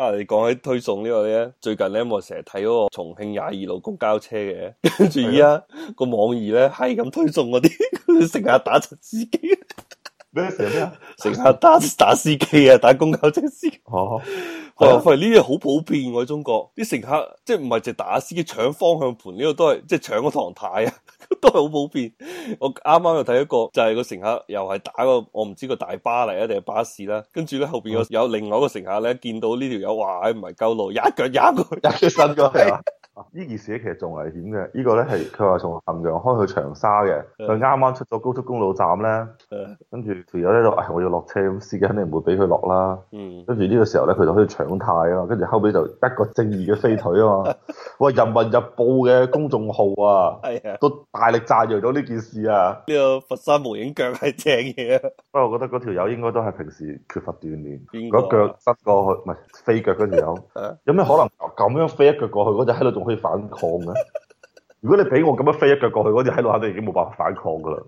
啊！你講起推送呢、這個咧，最近呢，我成日睇嗰個重慶廿二路公交車嘅，跟住而家個網易咧係咁推送嗰啲，成日打柒司機。 咩事啊？乘客打打司機啊，打公交車司機哦，係呢啲好普遍。我喺中國啲乘客即係唔係淨打司機搶方向盤呢個都係即係搶個唐太啊，都係好普遍。我啱啱又睇一個就係個乘客又係打個我唔知個大巴嚟？啊定係巴士啦，跟住咧後邊有有另外一個乘客咧見到呢條友哇唔係夠路，一腳一腳一腳伸過去。呢件事其實仲危險嘅，呢、這個咧係佢話從衡陽開去長沙嘅，佢啱啱出咗高速公路站咧， 跟住條友咧就，哎，我要落車，司機肯定唔會俾佢落啦，跟住呢個時候咧，佢就可以搶軚咯，跟住後尾就一個正義嘅飛腿啊嘛，喂，《人民日報》嘅公眾號啊，係啊，都大力讚揚咗呢件事啊，呢個佛山無影腳係正嘢，啊。不過我覺得嗰條友應該都係平時缺乏鍛煉，嗰腳伸過去，唔係飛腳嗰條友， 有咩可能咁樣飛一腳過去嗰隻喺度仲？可以反抗嘅，如果你俾我咁樣飛一腳過去，嗰隻喺佬下，肯定已經冇辦法反抗噶啦，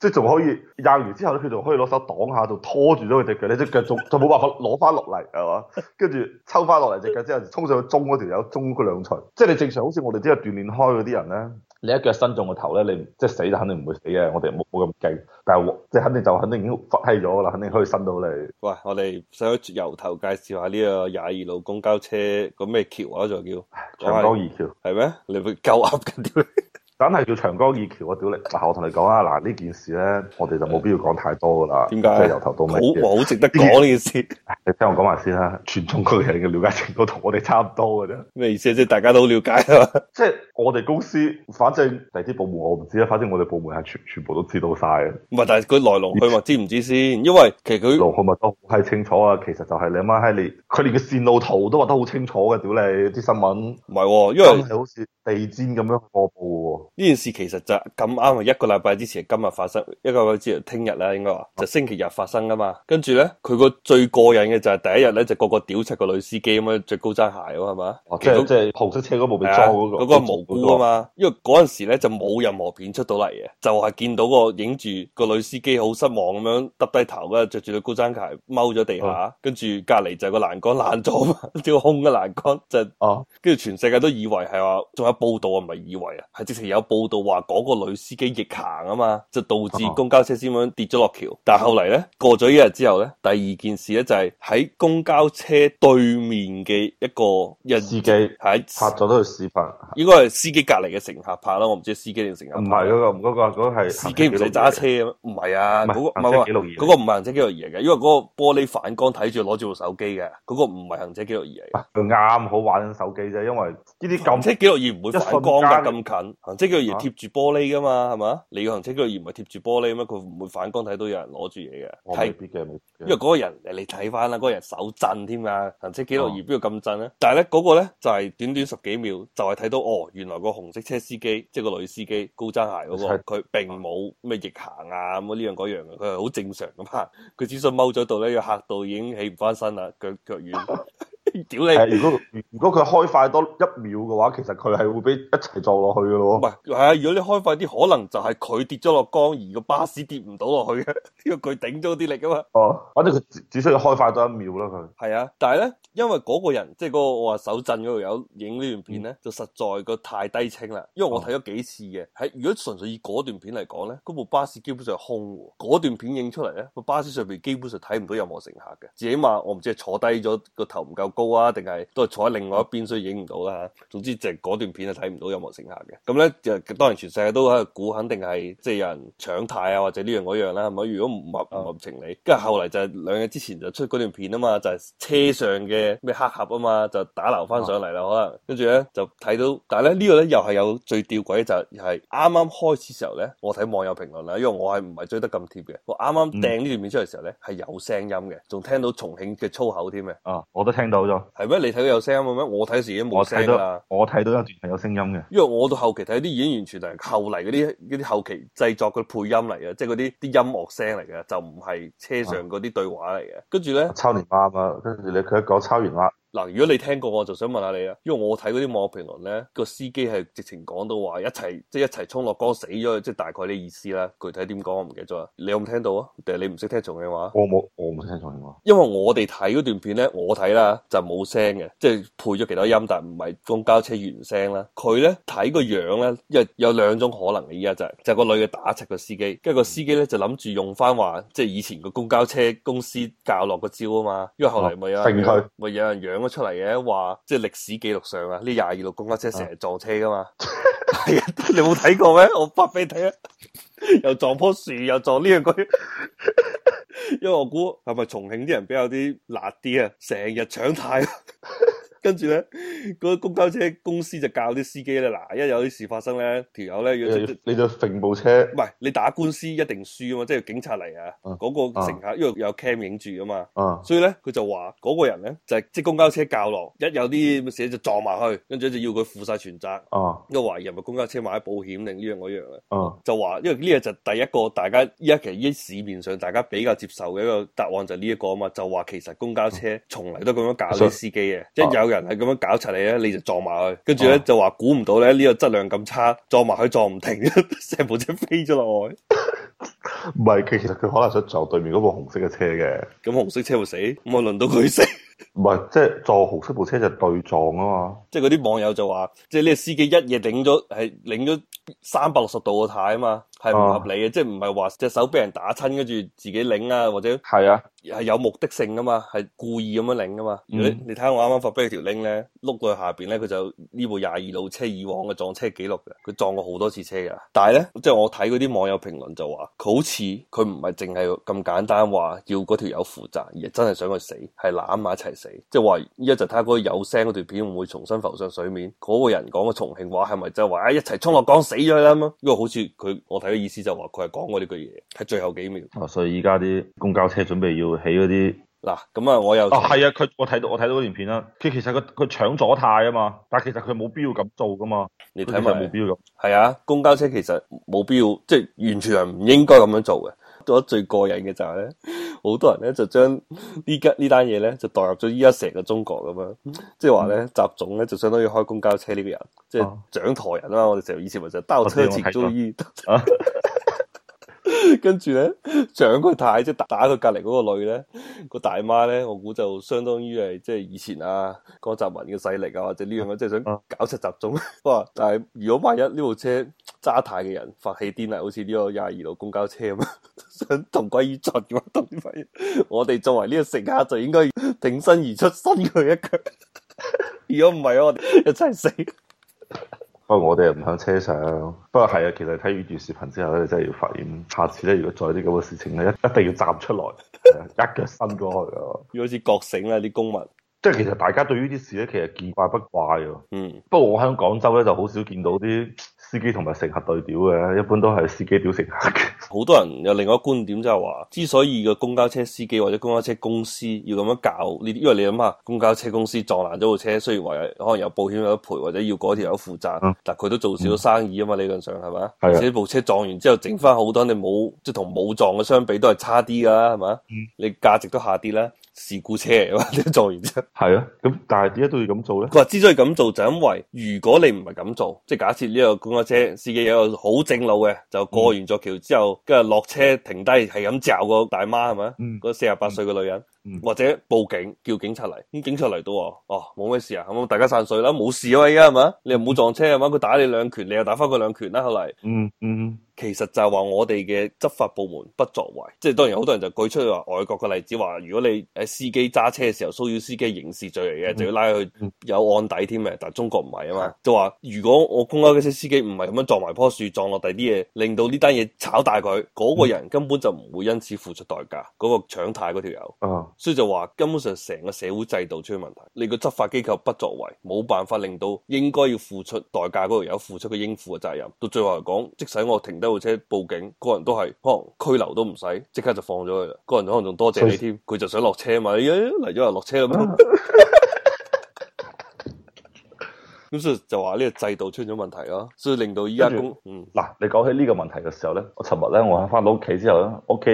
即係仲可以掹完之後咧，佢仲可以攞手擋下，仲拖住咗佢隻腳，呢隻腳仲就冇辦法攞翻落嚟，係嘛，跟住抽翻落嚟隻腳之後，衝上去中嗰條友中嗰兩錘，即係、就是、你正常好似我哋只有鍛煉開嗰啲人咧。你一腳伸中個頭咧，你即係死就肯定唔會死嘅。我哋冇冇咁勁，但係即係肯定就肯定已經翻閪咗啦，肯定可以伸到你。喂，我哋想由頭介紹下呢個廿二路公交車個咩橋啊？就叫唉是長江二橋，係咩？你會鳩噏緊啲？ 梗係叫長江二橋啊！屌你，嗱我同你講啊，嗱呢件事咧，我哋就冇必要講太多噶啦。點解？即係由頭到尾，好，好值得講呢件事。 你聽我講埋先啦，全中國人嘅了解程度同我哋差唔多嘅啫。咩意思？即係大家都好了解啊？ 即係我哋公司，反正第啲部門我唔知啊，反正我哋部門係全全部都知道晒嘅。唔係，但係佢來龍去脈知唔知先？因為其實佢來龍去脈都係清楚啊。其實就係你阿媽喺你，佢連個線路圖都畫得好清楚嘅，啊。屌你，啲新聞唔係，因為好似。地氈咁樣發布喎，呢件事其實就咁啱啊！一個禮拜之前今日發生，一個禮拜之後聽日啦，應該話就星期日發生噶嘛。跟住咧，佢個最過癮嘅就係第一日咧，就個個屌柒個女司機咁樣着高踭鞋、啊，係嘛？即係即係紅色車嗰部被撞嗰個，嗰個無辜啊嘛。因為嗰陣時咧就冇任何片出到嚟嘅，就係、是、見到個影住個女司機好失望咁樣耷低頭啦，着住對高踭鞋踎咗地下，跟住隔籬就個欄杆爛咗嘛，照 空嘅欄杆就係，跟住全世界都以為係話仲有。報道啊，唔係以為啊，係直情有報道話嗰個女司機逆行啊嘛，就導致公交車先咁樣跌咗落橋。但係後嚟咧過咗一日之後咧，第二件事咧就係喺公交車對面嘅一個人司機喺拍咗都去視頻，應該係司機隔籬嘅乘客拍啦，我唔知司機定乘客，唔係嗰個唔嗰個係司機唔使揸車嘅，唔係啊，嗰個唔係行車記錄儀嚟嘅，因為嗰個玻璃反光睇住攞住部手機嘅，嗰個唔係行車記錄儀嚟嘅，佢啱好玩緊手機啫，因為呢啲行車記錄儀。唔會反光㗎咁近，行車記錄儀貼住玻璃噶嘛，係嘛、啊？你個行車記錄儀唔係貼住玻璃嘛，佢唔會反光睇到有人攞住嘢嘅。係別嘅，因為嗰個人你睇翻啦，嗰、那個、人手震添啊！行車記錄儀邊度咁震啊？但係咧嗰個咧就係、是、短短十幾秒就係、是、睇到哦，原來個紅色車司機即係、就是、個女司機高踭鞋嗰、那個，佢並冇咩逆行啊咁啊呢樣嗰樣嘅，佢係好正常噶嘛。佢、啊、只信踎咗度咧，要嚇到已經起唔翻身啦，腳腳軟。 屌 你如！如果如果佢開快多一秒嘅話，其實佢係會俾一齊撞落去嘅咯。唔係，係啊！如果你開快啲，可能就係佢跌咗落江，而個巴士跌唔到落去嘅，因為佢頂咗啲力啊嘛。哦，反正佢只需要開快多一秒啦，佢係啊。但係咧，因為嗰個人即係嗰個我話手震嗰度有影呢段片咧，嗯、就實在個太低清啦。因為我睇咗幾次嘅，喺如果純粹以嗰段片嚟講咧，嗰部巴士基本上空。嗰段片影出嚟咧，個巴士上邊基本上睇唔到任何乘客嘅。最起碼我唔知係坐低咗個頭唔夠啊？定係都係坐喺另外一邊，所以影唔到啦吓。總之就係嗰段片係睇唔到任何乘客嘅。咁咧就當然全世界都喺度估，肯定係即係有人搶軚啊，或者呢樣嗰樣啦，係咪？如果唔合唔合情理，跟住、啊、後嚟就係兩日之前就出嗰段片啊嘛，就係、是、車上嘅咩黑盒啊嘛，就打撈翻上嚟啦、啊、可能。跟住咧就睇到，但係咧呢、這個咧又係有最吊詭，就係啱啱開始時候咧，我睇網友評論啦，因為我係唔係追得咁貼嘅。我啱啱掟呢段片出嚟時候咧，係、嗯、有聲音嘅，仲聽到重慶嘅粗口添嘅。啊，我都聽到。係咩？你睇到有聲音嘅咩？我睇時已經冇聲噶啦。我睇到一段係有聲音嘅，因為我到後期睇啲已經完全係後嚟嗰啲啲後期製作嘅配音嚟嘅，即係嗰啲啲音樂聲嚟嘅，就唔係車上嗰啲對話嚟嘅。跟住咧，抄連話啊！跟住咧佢一講抄完啦。嗱，如果你聽過我，就想問下你啊，因為我睇嗰啲網絡評論咧，個司機係直情講到話一齊即係一齊衝落江死咗，即係大概啲意思啦。具體點講我唔記得咗，你有冇聽到啊？定係你唔識聽重慶話？我冇，我唔識聽重慶話。因為我哋睇嗰段片咧，我睇啦就冇聲嘅，即係配咗其他音，但係唔係公交車原聲啦。佢咧睇個樣咧，有有兩種可能嘅。依家就係就個女嘅打柒個司機，跟住個司機咧就諗住用翻話即係以前個公交車公司教落個招啊嘛。因為後嚟咪有，咪有人養。嗯出嚟嘅話，即係歷史記錄上啊，呢廿二路公交車成日撞車噶嘛，係啊，你冇睇過咩？我發俾你睇啊， 又撞棵樹，又撞呢樣鬼，因為我估係咪重慶啲人比較啲辣啲啊，成日搶太。 跟住咧，嗰個公交車公司就教啲司機咧，嗱一有啲事發生咧，條友咧要你就揈部車，唔係你打官司一定輸啊嘛，即、就、係、是、警察嚟啊，嗰、啊、個乘客、啊、因為有 cam 影住啊嘛，啊所以咧佢就話嗰個人咧就係、是、即公交車教落，一有啲咩事就撞埋去，跟住就要佢負晒全責，啊、因為懷疑係咪公交車買保險定呢樣嗰樣啊，就話因為呢個就第一個大家依家其實市面上大家比較接受嘅一個答案就呢一個啊嘛，就話其實公交車從嚟都咁樣教啲司機嘅，即有。人係咁樣搞柒你咧，你就撞埋佢，跟住咧，就話估唔到咧，呢個質量咁差，撞埋佢撞唔停，成部車飛咗落去。唔係， 其實佢可能想撞對面嗰部紅色嘅車嘅。咁紅色車會死，咁我輪到佢死。唔係， 即係撞紅色部車就對撞啊嘛。即係嗰啲網友就話，即係呢個司機一夜頂咗係領咗三百六十度個軚啊嘛。係唔合理嘅，啊、即係唔係話隻手俾人打親跟住自己拎啊，或者係啊，係有目的性噶嘛，係故意咁樣拎噶嘛。嗯、如果你睇下我啱啱發俾你條 link 咧，碌過去下邊咧，佢就呢部廿二路車以往嘅撞車記錄嘅，佢撞過好多次車噶。但係咧，即係我睇嗰啲網友評論就話，佢好似佢唔係淨係咁簡單話要嗰條友負責，而真係想佢死，係攬埋一齊死。即係話依家就睇下嗰個有聲嗰條片會唔會重新浮上水面，嗰、嗰個人講嘅重慶話係咪就係話啊一齊衝落江死咗啦嘛。因為好似佢我睇。佢意思就話佢係講過呢句嘢，喺最後幾秒。哦、啊，所以依家啲公交車準備要起嗰啲嗱，咁啊，我又，啊，係啊，佢我睇到我睇到呢段片啦，佢其實佢佢搶咗軚啊嘛，但係其實佢冇必要咁做噶嘛，你睇埋冇必要咁，係啊，公交車其實冇必要，即係完全係唔應該咁樣做嘅。我覺得最過癮嘅就係咧，好多人咧就將呢家呢單嘢咧就代入咗依家成個中國咁樣，即係話咧習總咧就相當於開公交車呢個人，即係掌舵人啊嘛。我哋成以前咪就係兜車切中醫，跟住咧掌佢太即係打佢隔離嗰個女咧個大媽咧，我估就相當於係即係以前啊江澤民嘅勢力啊，或者呢樣嘢即係想搞出習總哇。但係如果萬一呢部車揸太嘅人發起癲嚟，好似呢個廿二路公交車咁樣。同歸於盡嘅話，突然我哋作為呢個乘客就應該挺身而出身，伸佢一腳。如果唔係我哋一齊死。不過我哋又唔響車上，不過係啊，其實睇完段視頻之後咧，你真係要發現，下次咧如果再啲咁嘅事情咧，一一定要站出來，一腳伸咗去啊！要 好似覺醒啦啲公民。即係其實大家對呢啲事咧，其實見怪不怪啊。嗯。 不過我喺廣州咧，就好少見到啲。司機同埋乘客對調嘅，一般都係司機屌乘客嘅。好多人有另外一個觀點，就係話，之所以個公交車司機或者公交車公司要咁樣搞呢啲，因為你諗下，公交車公司撞爛咗部車，雖然話可能有保險有得賠，或者要嗰條有得負責，嗯、但佢都做少咗生意啊嘛。嗯、理論上係嘛？的而且部車撞完之後，整翻好多，你冇即係同冇撞嘅相比都，都係差啲㗎，係嘛，嗯？你價值都下跌啦。事故車咁 車啊，撞完啫。係啊， 咁但係點解都要咁做咧？佢話之所以咁做就因為如果你唔係咁做，即係假設呢個公交車司機有一個好正路嘅，就過完座橋之後，跟住落車停低，係咁照個大媽係咪？個四十八歲嘅女人。嗯嗯或者報警叫警察嚟，咁警察嚟到、啊、哦，冇咩事啊，好，大家散水啦，冇事啊，依家係嘛？你又冇撞車係、啊、嘛？佢打你兩拳，你又打翻佢兩拳啦，後嚟、嗯。嗯嗯，其實就係話我哋嘅執法部門不作為，即係當然好多人就舉出話外國嘅例子，話如果你誒司機揸車嘅時候騷擾司機，刑事罪嚟嘅，就要拉去有案底添嘅，但係中國唔係啊嘛，嗯嗯、就話如果我公交公司司機唔係咁樣撞埋棵樹，撞落第啲嘢，令到呢單嘢炒大佢，嗰、那個人根本就唔會因此付出代價，嗰、那個搶軚嗰條友。啊。所以就話根本上成個社會制度出問題，你個執法機構不作為，冇辦法令到應該要付出代價嗰個有付出佢應付嘅責任。到最後嚟講，即使我停低部車報警，個人都係可能拘留都唔使，即刻就放咗佢啦。個人可能仲多謝你添，佢的就想落車嘛。嚟咗又落車咁。 咁就話呢個制度出咗問題咯，所以令到依家嗱，你講起呢個問題嘅時候呢，我尋日呢，我喺翻到屋企之後呢，屋企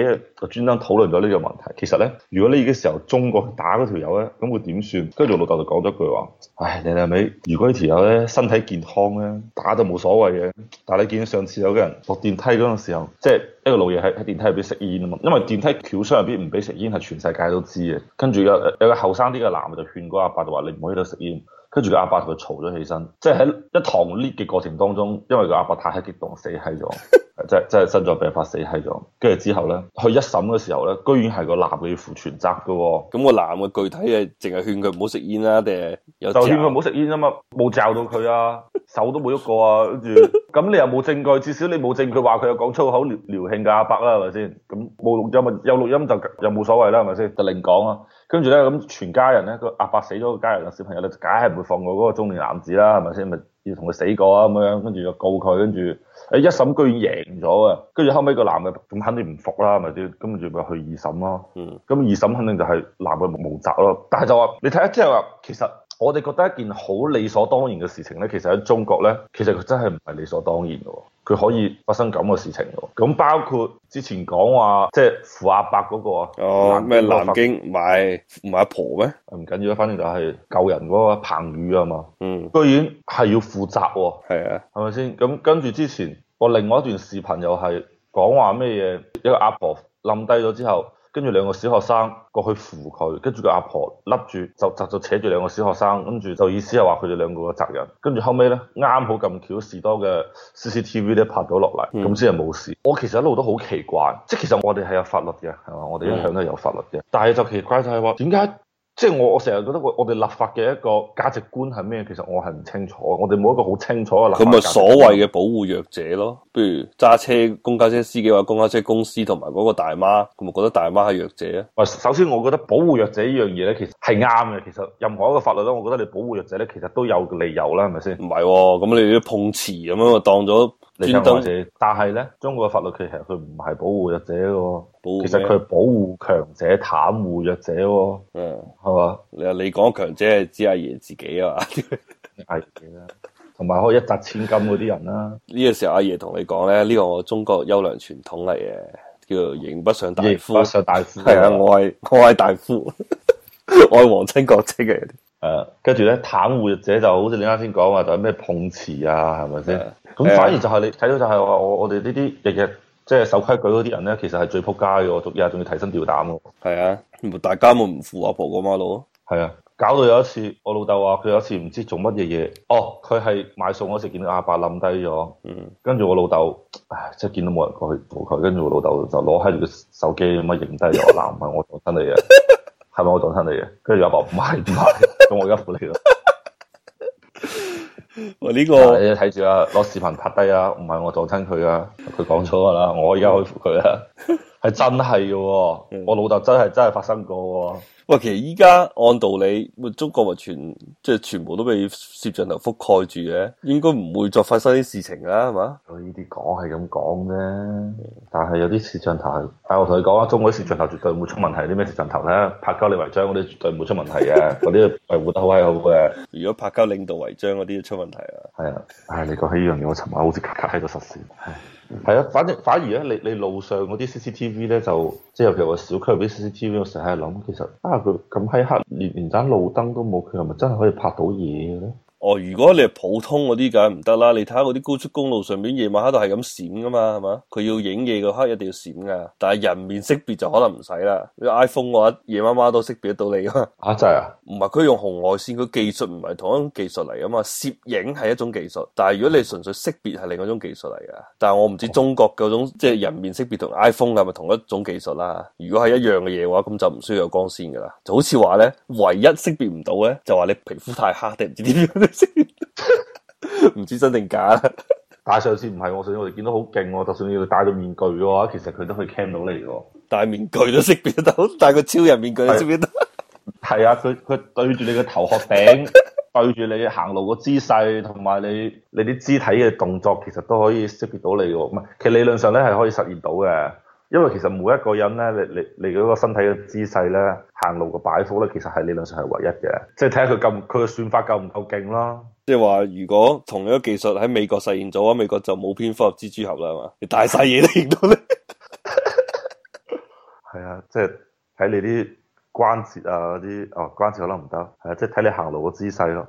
就專登討論咗呢個問題。其實呢，如果呢個時候中國打嗰條友呢，咁會點算？跟住老豆就講咗句話：唉，你係咪？如果呢條友呢，身體健康呢，打就冇所謂嘅。但係你見到上次有個人落電梯嗰陣時候，即係一個老嘢喺喺電梯入邊食煙啊嘛，因為電梯轎廂入邊唔俾食煙係全世界都知嘅。跟住有有個後生啲嘅男就勸嗰阿伯就話：你唔好喺度食煙。跟住個阿伯同佢嘈咗起身，即係喺一堂 lift 嘅過程當中，因為個阿伯太激動，死喺咗， 即係即係心臟病發死喺咗。跟住之後咧，去一審嘅時候咧，居然係個男嘅要負全責噶、哦，咁個男嘅具體嘅淨係勸佢唔好食煙啦、啊，定係有就勸佢唔好食煙啊嘛，冇罩到佢啊，手都冇喐過啊，跟住。 咁你又冇證據，至少你冇證據話佢有講粗口撩撩興㗎阿伯啦，係咪先？咁冇有冇有錄音就又冇所謂啦，係咪先？就另講啊。跟住咧，咁全家人咧，個阿伯死咗，個家人嘅小朋友咧，就梗係唔會放過嗰個中年男子啦，係咪先？咪要同佢死過啊咁樣。跟住就告佢，跟住誒一審居然贏咗啊！跟住後尾個男嘅咁肯定唔服啦，係咪先？跟住咪去二審咯。嗯。咁二審肯定就係男嘅無責咯。但係就話你睇下即係話其實。我哋覺得一件好理所當然嘅事情咧，其實喺中國咧，其實佢真係唔係理所當然嘅喎，佢可以發生咁嘅事情嘅。咁包括之前講話即係扶阿伯嗰個啊，哦咩南京唔係阿婆咩？唔緊要啦，反正就係救人嗰個彭宇啊嘛。嗯，居然係要負責喎。係啊，係咪先？咁跟住之前我另外一段視頻又係講話咩嘢？一個阿婆冧低咗之後。跟住兩個小學生過去扶佢，跟住個阿婆笠住，就就就扯住兩個小學生，跟住就意思係話佢哋兩個嘅責任。跟住後尾咧，啱好咁巧士多嘅 CCTV 咧拍咗落嚟，咁先係冇事。嗯、我其實一路都好奇怪，即係其實我哋係有法律嘅，係嘛？我哋一向都係有法律嘅，嗯、但係就奇怪就係話點解？即係我我成日覺得我我哋立法嘅一個價值觀係咩？其實我係唔清楚，我哋冇一個好清楚嘅立法。咁咪所謂嘅保護弱者咯？譬如揸車公交車司機或公交車公司同埋嗰個大媽，咁咪覺得大媽係弱者啊？喂，首先我覺得保護弱者呢樣嘢咧，其實係啱嘅。其實任何一個法律咧，我覺得你保護弱者咧，其實都有理由啦，係咪先？唔係，哦，咁你都碰瓷咁樣？當咗專者。但係咧，中國嘅法律其實佢唔係保護弱者個。其實佢係保護強者，袒護弱者喎。嗯，係小嘛吧？你你講強者係指阿爺自己啊嘛？係 啦，同埋可以一擲千金嗰啲人啦、啊。呢個時候阿爺同你講咧，呢、這個中國優良傳統嚟嘅，叫刑不上大夫。刑不上大夫。係啊，我係我係大夫，小我係皇親國戚嘅。誒的，跟住咧，袒護弱者就好似你啱先講話，就係、是、咩碰瓷啊，係咪先？咁的的反而就係你睇到就係話我我哋呢啲日日。小 beaten 小小即係守規矩嗰啲人咧，其實係最撲街嘅，我日日仲要提心吊膽嘅。係啊，大家冇唔扶阿婆過馬路咯。係啊，搞到有一次，我老豆話佢有一次唔知做乜嘢嘢。哦，佢係買餸嗰時見到阿爸冧低咗。嗯，跟住我老豆，唉，即係見到冇人過去扶佢。跟住我老豆就攞喺住個手機咁影低咗，話：係咪、呃、我撞親你嘅？係咪我撞親你嘅？跟住阿爸唔係唔係，咁我而家扶你咯。我呢、這個，睇住啊，攞視頻拍低啊，唔係我撞親佢噶，佢講錯噶啦， 我而家去扶佢啦。 係真係嘅、啊，我老豆真係真係發生過、啊。喂、嗯，其實依家按道理，中國話全即係全部都俾攝像頭覆蓋住嘅，應該唔會再發生啲事情啦，係嘛？呢啲講係咁講啫，但係有啲攝像頭，但、哎、我同你講啊，中國啲攝像頭絕對唔會出問題。啲咩攝像頭咧，拍交你違章嗰啲絕對唔會出問題嘅，嗰啲維護得好係好嘅。如果拍交領導違章嗰啲出問題啊。係、哎、啊，唉，你講起呢樣嘢，我尋晚好似咔咔喺度實時。係啊，嗯，反正反而咧，你你路上嗰啲 CCTV 咧，就即係譬如我小區嗰啲 CCTV，我成日諗，其實啊，佢咁黑黑，連連盞路燈都冇，佢係咪真係可以拍到嘢嘅咧？哦，如果你係普通嗰啲，梗係唔得啦。你睇下嗰啲高速公路上面，夜晚黑都係咁閃噶嘛，係嘛？佢要影嘢嘅黑一定要閃噶。但係人面識別就可能唔使啦。iPhone 嘅話，夜麻麻都識別得到你噶。啊真係啊？唔係佢用紅外線，佢技術唔係同一種技術嚟噶嘛。攝影係一種技術，但係如果你純粹識別係另一種技術嚟噶。但係我唔知中國嗰種、哦、即係人面識別同 iPhone 係咪同一種技術啦。如果係一樣嘅嘢嘅話，咁就唔需要有光線噶啦。就好似話咧，唯一識別唔到咧，就話你皮膚太黑定唔知點樣。唔 知真定假啦，但係上次唔係，啊，上次我哋見到好勁，啊，就算你要戴個面具嘅，啊、話，其實佢都可以 cam 到你嘅，啊。戴面具都識別到，戴個超人面具都識別到。係 啊，佢佢對住你個頭殼頂， 對住你行路個姿勢，同埋你你啲肢體嘅動作，其實都可以識別到你嘅。唔係，其實理論上咧係可以實現到嘅。因為其實每一個人咧，你你你個身體嘅姿勢咧，行路嘅擺幅咧，其實係理論上係唯一嘅，即係睇下佢夠佢嘅算法夠唔夠勁咯。即係話如果同樣嘅技術喺美國實現咗，話美國就冇蝙蝠俠、蜘蛛俠啦嘛，你大晒嘢都見到咧。係啊，即係睇你啲關節啊，嗰啲哦關節可能唔得，係啊，即係睇你行路嘅姿勢咯。